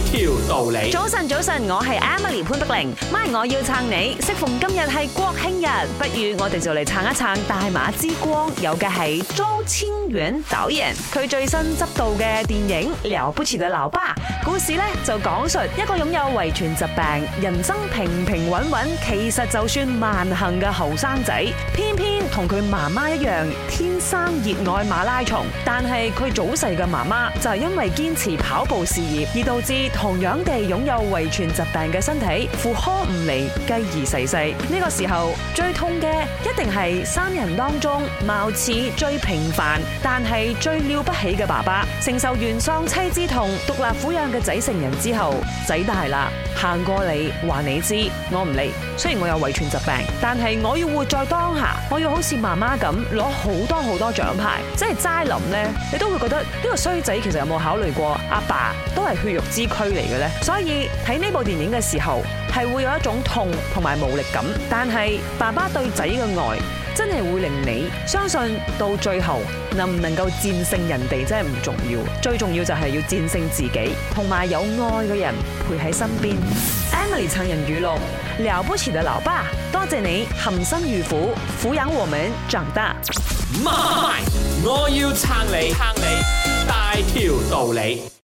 條道理。早晨，早晨，我係 Emily 潘德玲。媽，我要撐你。適逢今日係國慶日，不如我哋就嚟撐一撐大馬之光。有嘅係莊千遠導演，佢最新執導嘅電影《了不起嘅老爸》。故事呢就講述一個擁有遺傳疾病，人生平平穩穩，其實就算萬幸嘅後生仔，偏偏同佢媽媽一樣，天生熱愛馬拉松。但係佢早逝嘅媽媽就係因為堅持跑步事業而導致。同樣地擁有遺傳疾病嘅身體，負荷唔嚟繼而逝世。呢個時候最痛嘅一定係三人當中貌似最平凡，但係最了不起嘅爸爸，承受完喪妻之痛，獨立撫養嘅仔成人之後，仔大啦，行過嚟你話你知，我唔嚟。雖然我有遺傳疾病，但係我要活在當下，我要好似媽媽咁攞好多好多獎牌。即係齋諗呢，你都會覺得呢個衰仔其實有冇考慮過阿爸都係血肉之。區嚟嘅咧，所以睇呢部電影嘅時候係會有一種痛同埋無力感。但係爸爸對仔嘅愛真係會令你相信到最後能唔能夠戰勝人哋真係唔重要，最重要就係要戰勝自己，同埋有愛嘅人陪喺身邊。Emily 撐人語錄，了不起嘅老爸，多謝你含辛茹苦撫養我們長大。媽咪，我要撐你，撐你大條道理。